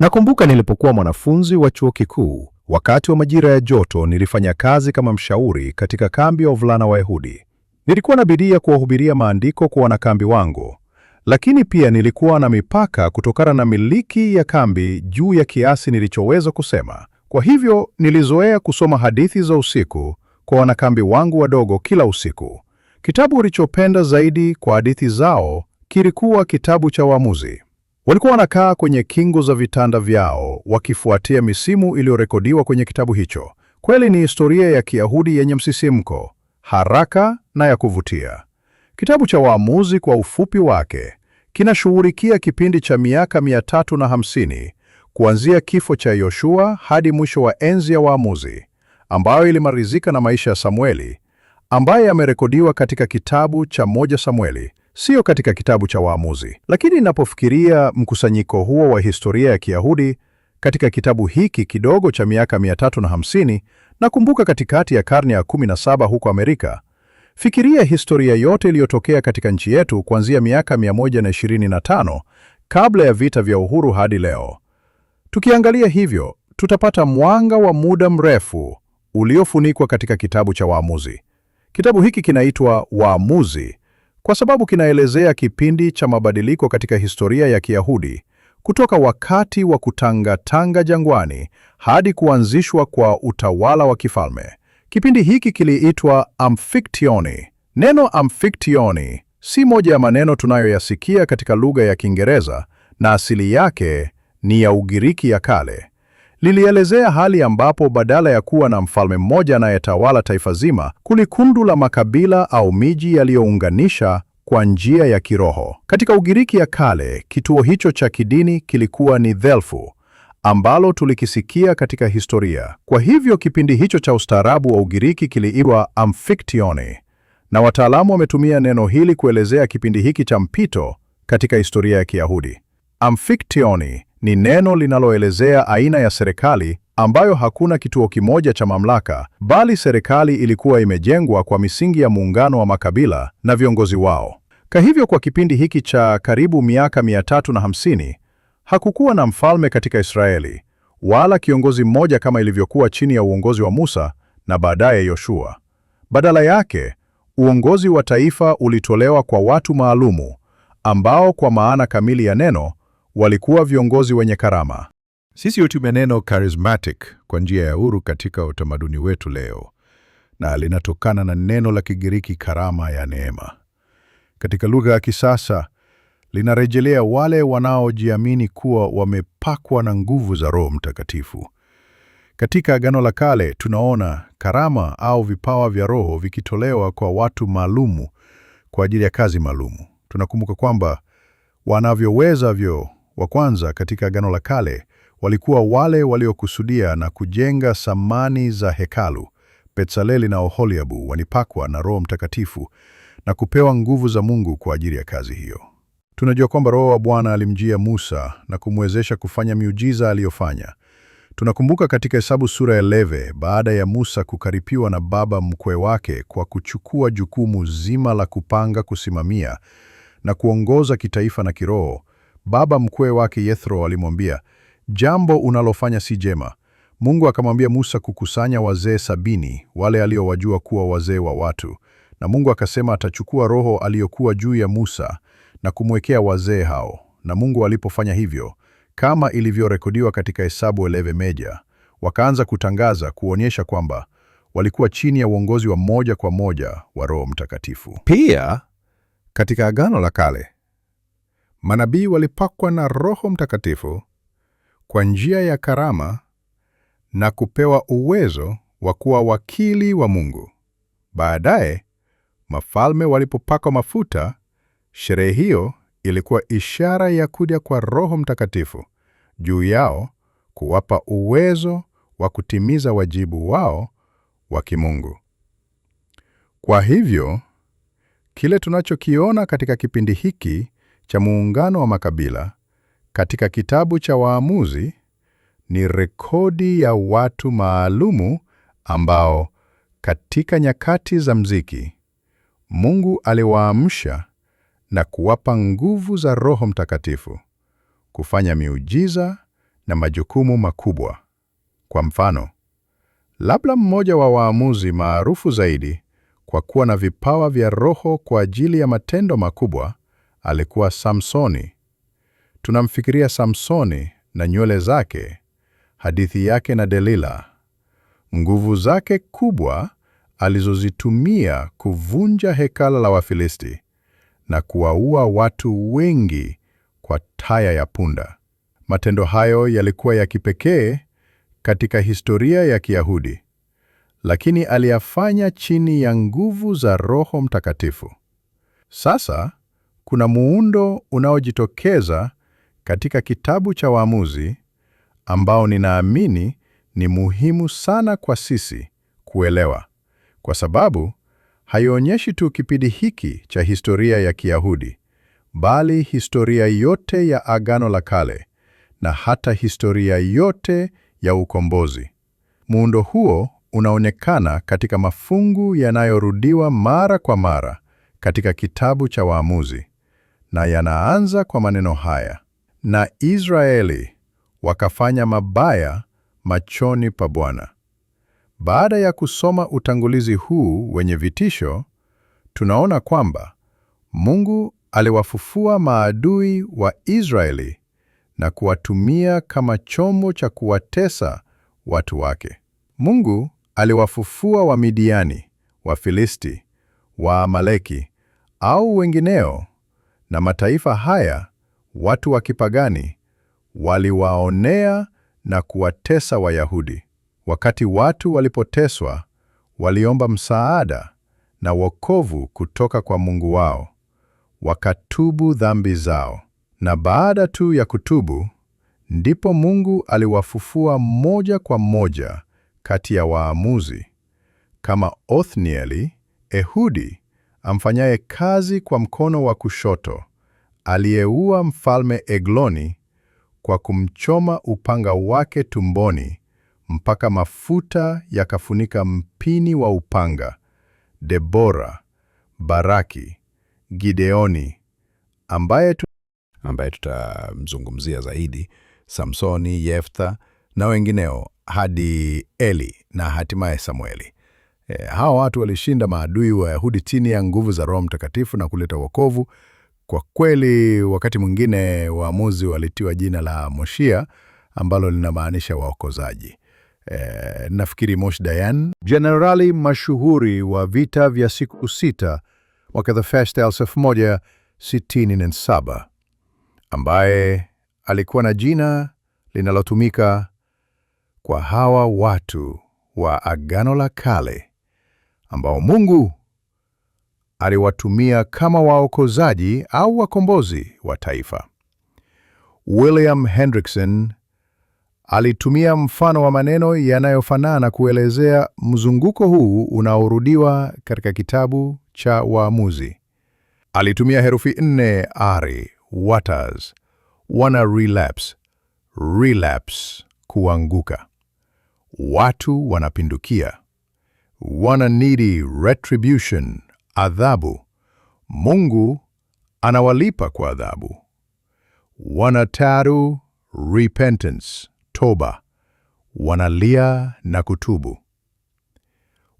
Nakumbuka nilipokuwa mwanafunzi wa chuo kikuu, wakati wa majira ya joto, nilifanya kazi kama mshauri katika kambi ya wavulana Wayahudi. Nilikuwa na bidii ya kuwahubiria maandiko kwa wanakambi wangu, lakini pia nilikuwa na mipaka kutokana na miliki ya kambi juu ya kiasi nilichoweza kusema. Kwa hivyo nilizoea kusoma hadithi za usiku kwa wanakambi wangu wadogo kila usiku. Kitabu ulichopenda zaidi kwa hadithi zao kilikuwa kitabu cha Waamuzi. Walikuwa wanakaa kwenye kingo za vitanda vyao wakifuatia misimu iliyorekodiwa kwenye kitabu hicho. Kweli ni historia ya Kiyahudi yenye msisimko, haraka na ya kuvutia. Kitabu cha Waamuzi kwa ufupi wake kinashughulikia kipindi cha miaka 350 kuanzia kifo cha Yoshua hadi mwisho wa enzi ya Waamuzi, ambayo ilimalizika na maisha ya Samueli ambaye amerekodiwa katika kitabu cha moja Samueli sio katika kitabu cha Waamuzi. Lakini ninapofikiria mkusanyiko huo wa historia ya Kiyahudi katika kitabu hiki kidogo cha miaka 350 nakumbuka katikati ya karne ya 17 huko Amerika. Fikiria historia yote iliyotokea katika nchi yetu kuanzia miaka 125 kabla ya vita vya uhuru hadi leo. Tukiangalia hivyo, tutapata mwanga wa muda mrefu uliofunikwa katika kitabu cha Waamuzi. Kitabu hiki kinaitwa Waamuzi kwa sababu kinaelezea kipindi cha mabadiliko katika historia ya Kiyahudi kutoka wakati wa kutangatanga jangwani hadi kuanzishwa kwa utawala wa kifalme. Kipindi hiki kiliitwa Amphictyoni. Neno Amphictyoni si moja ya maneno tunayoyasikia katika lugha ya Kiingereza na asili yake ni ya Ugiriki ya kale lilielezea hali ambapo badala ya kuwa na mfalme mmoja anayetawala taifa zima, kulikundu la makabila au miji yaliyounganisha kwa njia ya kiroho. Katika Ugiriki ya kale, kituo hicho cha kidini kilikuwa ni Delfu ambalo tulikisikia katika historia. Kwa hivyo kipindi hicho cha ustaarabu wa Ugiriki kiliitwa Amfiktioni, na wataalamu wametumia neno hili kuelezea kipindi hiki cha mpito katika historia ya Kiyahudi. Amfiktioni ni neno linaloelezea aina ya serikali ambayo hakuna kituo kimoja cha mamlaka, bali serikali ilikuwa imejengwa kwa misingi ya muungano wa makabila na viongozi wao. Kwa hivyo, kwa kipindi hiki cha karibu miaka 350 hakukuwa na mfalme katika Israeli wala kiongozi mmoja kama ilivyokuwa chini ya uongozi wa Musa na baadaye Yoshua. Badala yake, uongozi wa taifa ulitolewa kwa watu maalumu ambao kwa maana kamili ya neno walikuwa viongozi wenye karama. Sisi hutumia neno charismatic kwa njia ya huru katika utamaduni wetu leo, na linatokana na neno la Kigiriki karama ya neema. Katika lugha ya kisasa linarejelea wale wanaojiamini kuwa wamepakwa na nguvu za Roho Mtakatifu. Katika Agano la Kale tunaona karama au vipawa vya Roho vikitolewa kwa watu maalumu kwa ajili ya kazi maalumu. Tunakumbuka kwamba wanavyoweza vyo wa kwanza katika Agano la Kale walikuwa wale waliokusudia na kujenga samani za hekalu. petsaleli na Oholiabu wanipakwa na Roho Mtakatifu na kupewa nguvu za Mungu kwa ajili ya kazi hiyo. Tunajua kwamba Roho wa Bwana alimjia Musa na kumwezesha kufanya miujiza aliyofanya. Tunakumbuka katika Hesabu sura ya leve, baada ya Musa kukaripiwa na baba mkwe wake kwa kuchukua jukumu zima la kupanga, kusimamia na kuongoza kitaifa na kiroho, baba mkwe wake Yethro alimwambia, jambo unalofanya si jema. Mungu akamwambia Musa kukusanya wazee sabini wale aliowajua kuwa wazee wa watu, na Mungu akasema atachukua roho aliyokuwa juu ya Musa na kumwekea wazee hao. Na Mungu alipofanya hivyo, kama ilivyorekodiwa katika Hesabu eleve meja, wakaanza kutangaza kuonyesha kwamba walikuwa chini ya uongozi wa moja kwa moja wa Roho Mtakatifu. Pia katika Agano la Kale Manabii walipakwa na Roho Mtakatifu kwa njia ya karama na kupewa uwezo wa kuwa wakili wa Mungu. Baadaye mafalme walipopakwa mafuta, sherehe hiyo ilikuwa ishara ya kuja kwa Roho Mtakatifu juu yao kuwapa uwezo wa kutimiza wajibu wao wa kimungu. Kwa hivyo, kile tunachokiona katika kipindi hiki cha muungano wa makabila katika kitabu cha Waamuzi ni rekodi ya watu maalumu ambao katika nyakati za mziki Mungu aliwaamsha na kuwapa nguvu za Roho Mtakatifu kufanya miujiza na majukumu makubwa. Kwa mfano, labda mmoja wa waamuzi maarufu zaidi kwa kuwa na vipawa vya roho kwa ajili ya matendo makubwa alikuwa Samsoni. Tunamfikiria Samsoni na nywele zake, hadithi yake na Delila, nguvu zake kubwa alizozitumia kuvunja hekala la Wafilisti na kuwaua watu wengi kwa taya ya punda. Matendo hayo yalikuwa ya kipekee katika historia ya Kiyahudi, lakini aliyafanya chini ya nguvu za Roho Mtakatifu. Sasa kuna muundo unaojitokeza katika kitabu cha Waamuzi ambao ninaamini ni muhimu sana kwa sisi kuelewa, kwa sababu haionyeshi tu kipindi hiki cha historia ya Kiyahudi, bali historia yote ya Agano la Kale na hata historia yote ya ukombozi. Muundo huo unaonekana katika mafungu yanayorudiwa mara kwa mara katika kitabu cha Waamuzi na yanaanza kwa maneno haya: na Israeli wakafanya mabaya machoni pa Bwana. Baada ya kusoma utangulizi huu wenye vitisho, tunaona kwamba Mungu aliwafufua maadui wa Israeli na kuwatumia kama chombo cha kuwatesa watu wake. Mungu aliwafufua Wamidiani, Wafilisti, Waamaleki au wengineo na mataifa haya watu wa kipagani waliwaonea na kuwatesa Wayahudi. Wakati watu walipoteswa, waliomba msaada na wokovu kutoka kwa Mungu wao, wakatubu dhambi zao, na baada tu ya kutubu ndipo Mungu aliwafufua moja kwa moja kati ya waamuzi kama Othnieli, Ehudi amfanyaye kazi kwa mkono wa kushoto, aliyeua mfalme Egloni kwa kumchoma upanga wake tumboni mpaka mafuta yakafunika mpini wa upanga, Debora, Baraki, Gideoni, ambaye tu... ambaye tutamzungumzia zaidi, Samsoni, Yeftha na wengineo hadi Eli na hatimaye Samueli. E, hawa watu walishinda maadui wa Yahudi chini ya nguvu za Roho Mtakatifu na kuleta wokovu. Kwa kweli, wakati mwingine waamuzi walitiwa jina la Moshia ambalo linamaanisha waokozaji. E, nafikiri Mosh Dayan, jenerali mashuhuri wa vita vya siku sita mwaka the first 1967 ambaye alikuwa na jina linalotumika kwa hawa watu wa Agano la Kale ambao Mungu aliwatumia kama waokozaji au wakombozi wa taifa. William Hendrickson alitumia mfano wa maneno yanayofanana kuelezea mzunguko huu unaorudiwa katika kitabu cha Waamuzi. Alitumia herufi nne ari, waters, wana relapse, relapse, kuanguka. Watu wanapindukia wananidi retribution, adhabu. Mungu anawalipa kwa adhabu. Wanataru repentance, toba. Wanalia na kutubu.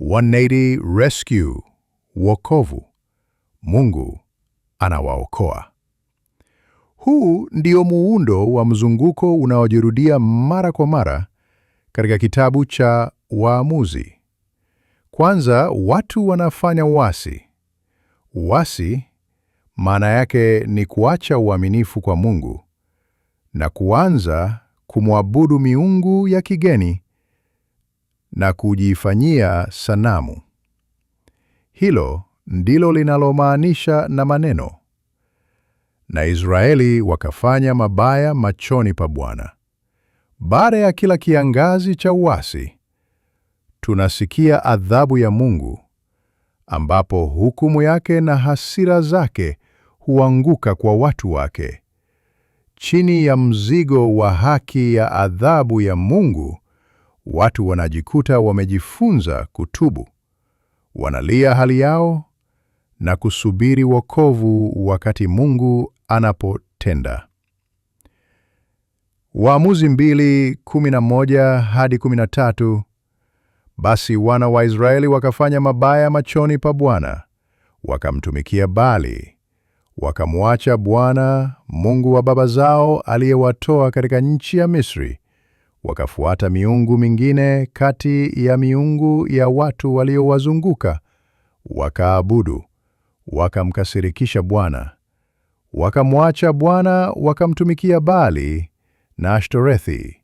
180 rescue, wokovu. Mungu anawaokoa. Huu ndio muundo wa mzunguko unaojirudia mara kwa mara katika kitabu cha Waamuzi. Kwanza, watu wanafanya uasi. Uasi maana yake ni kuacha uaminifu kwa Mungu na kuanza kumwabudu miungu ya kigeni na kujifanyia sanamu. Hilo ndilo linalomaanisha na maneno, na Israeli wakafanya mabaya machoni pa Bwana. Baada ya kila kiangazi cha uasi, tunasikia adhabu ya Mungu, ambapo hukumu yake na hasira zake huanguka kwa watu wake. Chini ya mzigo wa haki ya adhabu ya Mungu, watu wanajikuta wamejifunza kutubu, wanalia hali yao na kusubiri wokovu wakati Mungu anapotenda. Waamuzi mbili kumi na moja hadi kumi na tatu basi wana wa Israeli wakafanya mabaya machoni pa Bwana, wakamtumikia Baali, wakamwacha Bwana Mungu wa baba zao aliyewatoa katika nchi ya Misri, wakafuata miungu mingine kati ya miungu ya watu waliowazunguka wakaabudu, wakamkasirikisha Bwana. Wakamwacha Bwana, wakamtumikia Baali na Ashtorethi.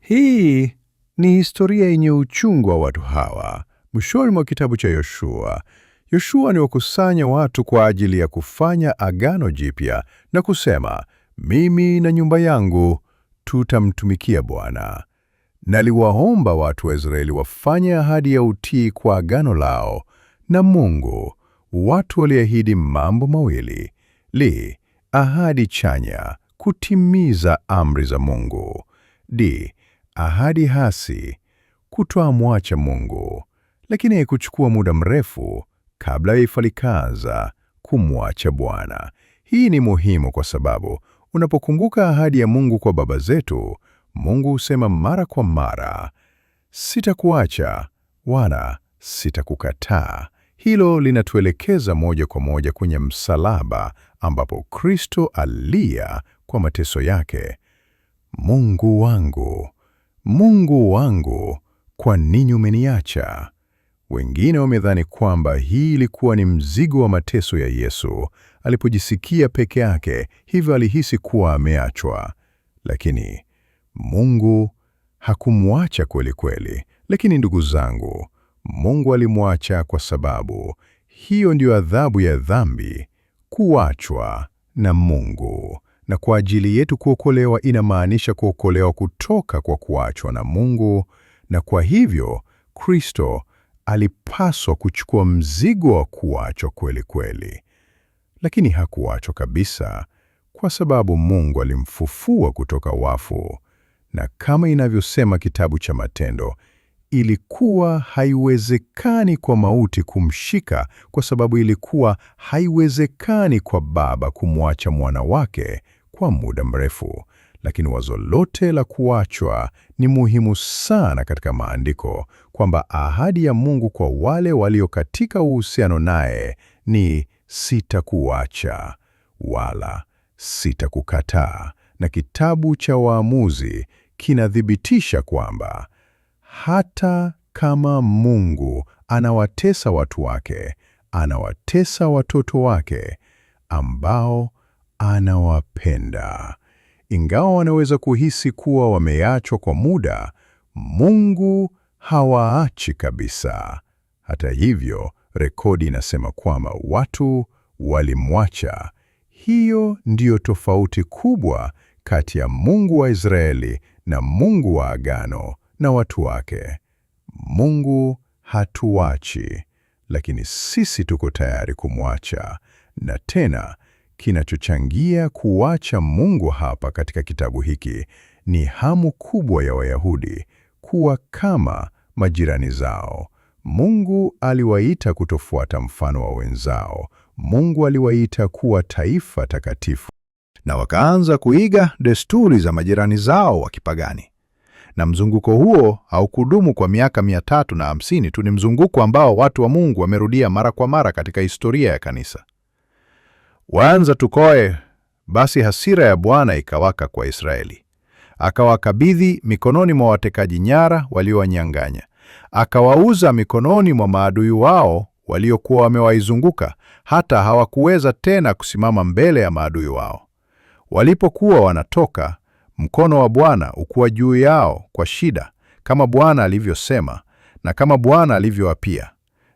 Hii ni historia yenye uchungu wa watu hawa. Mwishoni mwa kitabu cha Yoshua, Yoshua wakusanya watu kwa ajili ya kufanya agano jipya na kusema, mimi na nyumba yangu tutamtumikia Bwana. Naliwaomba watu wa Israeli wafanye ahadi ya utii kwa agano lao na Mungu. Watu waliahidi mambo mawili: li, ahadi chanya, kutimiza amri za Mungu; d, ahadi hasi, kutoamwacha Mungu, lakini haikuchukua muda mrefu kabla ya Elifaaz kumwacha Bwana. Hii ni muhimu kwa sababu unapokumbuka ahadi ya Mungu kwa baba zetu, Mungu husema mara kwa mara, sitakuacha wala sitakukataa. Hilo linatuelekeza moja kwa moja kwenye msalaba ambapo Kristo alia kwa mateso yake, Mungu wangu Mungu wangu, kwa nini umeniacha? Wengine wamedhani kwamba hii ilikuwa ni mzigo wa mateso ya Yesu alipojisikia peke yake, hivyo alihisi kuwa ameachwa. Lakini Mungu hakumwacha kweli kweli. Lakini ndugu zangu, Mungu alimwacha kwa sababu hiyo ndiyo adhabu ya dhambi, kuachwa na Mungu na kwa ajili yetu kuokolewa inamaanisha kuokolewa kutoka kwa kuachwa na Mungu, na kwa hivyo Kristo alipaswa kuchukua mzigo wa kuachwa kweli kweli, lakini hakuachwa kabisa, kwa sababu Mungu alimfufua kutoka wafu, na kama inavyosema kitabu cha Matendo, ilikuwa haiwezekani kwa mauti kumshika, kwa sababu ilikuwa haiwezekani kwa baba kumwacha mwana wake kwa muda mrefu, lakini wazo lote la kuachwa ni muhimu sana katika Maandiko, kwamba ahadi ya Mungu kwa wale walio katika uhusiano naye ni sitakuacha wala sitakukataa. Na kitabu cha Waamuzi kinathibitisha kwamba hata kama Mungu anawatesa watu wake, anawatesa watoto wake ambao anawapenda. Ingawa wanaweza kuhisi kuwa wameachwa kwa muda, Mungu hawaachi kabisa. Hata hivyo, rekodi inasema kwamba watu walimwacha. Hiyo ndiyo tofauti kubwa kati ya Mungu wa Israeli na Mungu wa Agano na watu wake. Mungu hatuachi, lakini sisi tuko tayari kumwacha. Na tena Kinachochangia kuwacha Mungu hapa katika kitabu hiki ni hamu kubwa ya Wayahudi kuwa kama majirani zao. Mungu aliwaita kutofuata mfano wa wenzao. Mungu aliwaita kuwa taifa takatifu, na wakaanza kuiga desturi za majirani zao wa kipagani. Na mzunguko huo haukudumu kwa miaka mia tatu na hamsini tu. Ni mzunguko ambao watu wa Mungu wamerudia mara kwa mara katika historia ya kanisa waanza tukoe. Basi hasira ya Bwana ikawaka kwa Israeli, akawakabidhi mikononi mwa watekaji nyara waliowanyang'anya, akawauza mikononi mwa maadui wao waliokuwa wamewaizunguka, hata hawakuweza tena kusimama mbele ya maadui wao. Walipokuwa wanatoka, mkono wa Bwana ukuwa juu yao kwa shida, kama Bwana alivyosema na kama Bwana alivyoapia,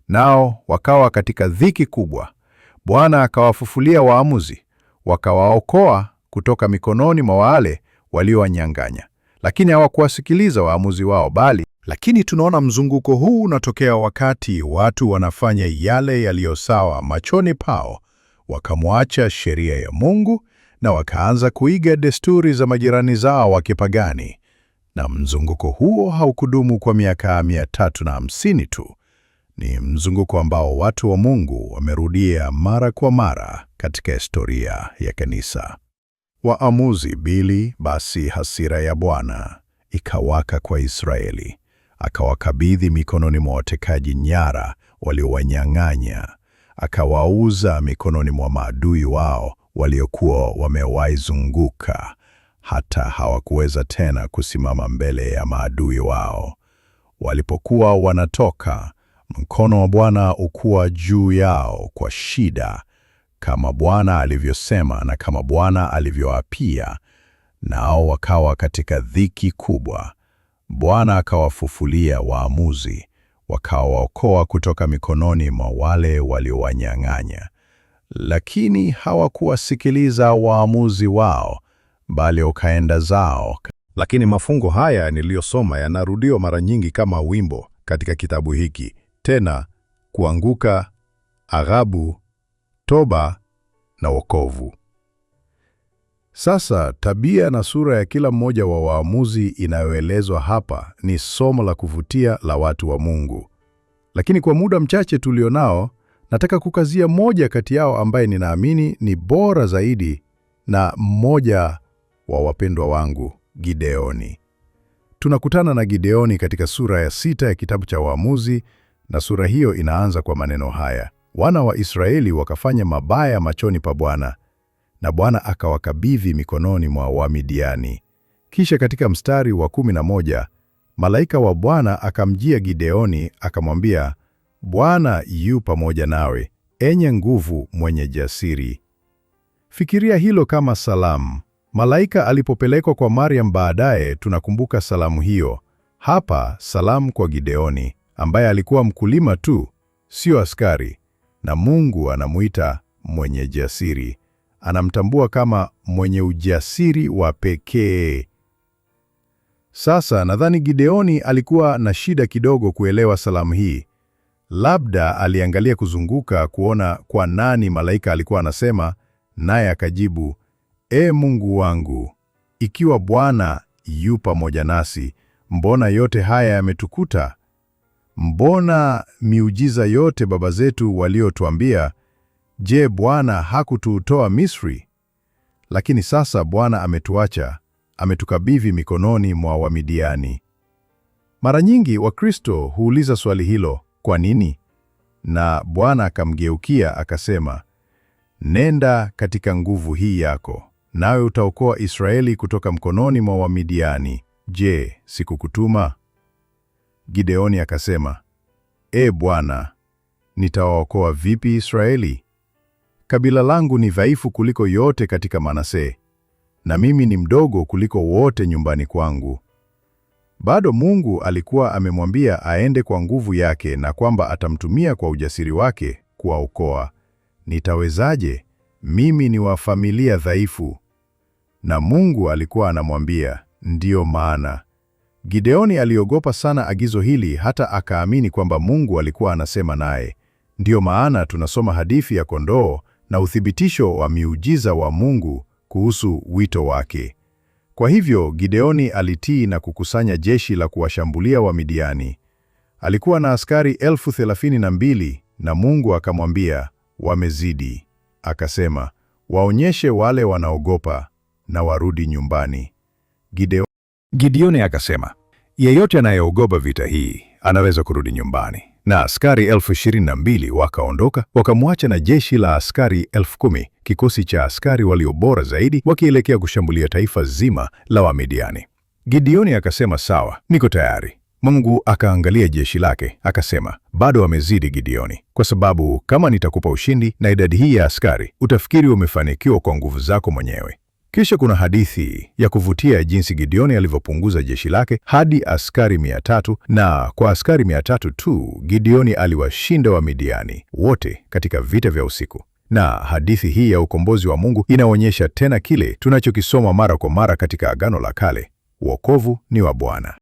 nao wakawa katika dhiki kubwa Bwana akawafufulia waamuzi, wakawaokoa kutoka mikononi mwa wale waliowanyang'anya, lakini hawakuwasikiliza waamuzi wao bali. Lakini tunaona mzunguko huu unatokea wakati watu wanafanya yale yaliyo sawa machoni pao, wakamwacha sheria ya Mungu na wakaanza kuiga desturi za majirani zao wa kipagani, na mzunguko huo haukudumu kwa miaka 350 tu ni mzunguko ambao watu wa Mungu wamerudia mara kwa mara katika historia ya kanisa. Waamuzi bili basi hasira ya Bwana ikawaka kwa Israeli, akawakabidhi mikononi mwa watekaji nyara waliowanyang'anya, akawauza mikononi mwa maadui wao waliokuwa wamewaizunguka hata hawakuweza tena kusimama mbele ya maadui wao. Walipokuwa wanatoka, Mkono wa Bwana ukuwa juu yao kwa shida, kama Bwana alivyosema na kama Bwana alivyoapia, nao wakawa katika dhiki kubwa. Bwana akawafufulia waamuzi, wakawaokoa kutoka mikononi mwa wale waliowanyang'anya. Lakini hawakuwasikiliza waamuzi wao, bali wakaenda zao. Lakini mafungo haya niliyosoma yanarudiwa mara nyingi kama wimbo katika kitabu hiki tena kuanguka, aghabu, toba na wokovu. Sasa tabia na sura ya kila mmoja wa waamuzi inayoelezwa hapa ni somo la kuvutia la watu wa Mungu. Lakini kwa muda mchache tulionao, nataka kukazia moja kati yao ambaye ninaamini ni bora zaidi na mmoja wa wapendwa wangu, Gideoni. Tunakutana na Gideoni katika sura ya sita ya kitabu cha Waamuzi na sura hiyo inaanza kwa maneno haya: wana wa Israeli wakafanya mabaya machoni pa Bwana, na Bwana akawakabidhi mikononi mwa Wamidiani. Kisha katika mstari wa kumi na moja malaika wa Bwana akamjia Gideoni akamwambia, Bwana yu pamoja nawe, enye nguvu, mwenye jasiri. Fikiria hilo kama salamu. Malaika alipopelekwa kwa Mariam baadaye, tunakumbuka salamu hiyo. Hapa salamu kwa Gideoni ambaye alikuwa mkulima tu, sio askari, na Mungu anamuita mwenye jasiri, anamtambua kama mwenye ujasiri wa pekee. Sasa nadhani Gideoni alikuwa na shida kidogo kuelewa salamu hii. Labda aliangalia kuzunguka kuona kwa nani malaika alikuwa anasema, naye akajibu, E Mungu wangu, ikiwa Bwana yu pamoja nasi, mbona yote haya yametukuta? Mbona miujiza yote baba zetu waliotuambia, je, Bwana hakututoa Misri? Lakini sasa Bwana ametuacha, ametukabidhi mikononi mwa Wamidiani. Mara nyingi Wakristo huuliza swali hilo, kwa nini? Na Bwana akamgeukia akasema, nenda katika nguvu hii yako, nawe utaokoa Israeli kutoka mkononi mwa Wamidiani. Je, sikukutuma? Gideoni akasema, E Bwana, nitawaokoa vipi Israeli? Kabila langu ni dhaifu kuliko yote katika Manase, na mimi ni mdogo kuliko wote nyumbani kwangu. Bado Mungu alikuwa amemwambia aende kwa nguvu yake na kwamba atamtumia kwa ujasiri wake kuwaokoa. Nitawezaje? Mimi ni wa familia dhaifu. Na Mungu alikuwa anamwambia, ndiyo maana Gideoni aliogopa sana agizo hili hata akaamini kwamba Mungu alikuwa anasema naye. Ndiyo maana tunasoma hadithi ya kondoo na uthibitisho wa miujiza wa Mungu kuhusu wito wake. Kwa hivyo Gideoni alitii na kukusanya jeshi la kuwashambulia Wamidiani. Alikuwa na askari elfu thelathini na mbili na Mungu akamwambia, wamezidi. Akasema, waonyeshe wale wanaogopa na warudi nyumbani. Gideoni Gideoni akasema, yeyote anayeogopa vita hii anaweza kurudi nyumbani, na askari elfu ishirini na mbili wakaondoka wakamwacha na jeshi la askari elfu kumi kikosi cha askari walio bora zaidi wakielekea kushambulia taifa zima la Wamidiani. Gideoni akasema sawa, niko tayari. Mungu akaangalia jeshi lake akasema, bado wamezidi Gideoni, kwa sababu kama nitakupa ushindi na idadi hii ya askari, utafikiri umefanikiwa kwa nguvu zako mwenyewe. Kisha kuna hadithi ya kuvutia jinsi Gideoni alivyopunguza jeshi lake hadi askari mia tatu na kwa askari mia tatu tu Gideoni aliwashinda Wamidiani wote katika vita vya usiku. Na hadithi hii ya ukombozi wa Mungu inaonyesha tena kile tunachokisoma mara kwa mara katika Agano la Kale: wokovu ni wa Bwana.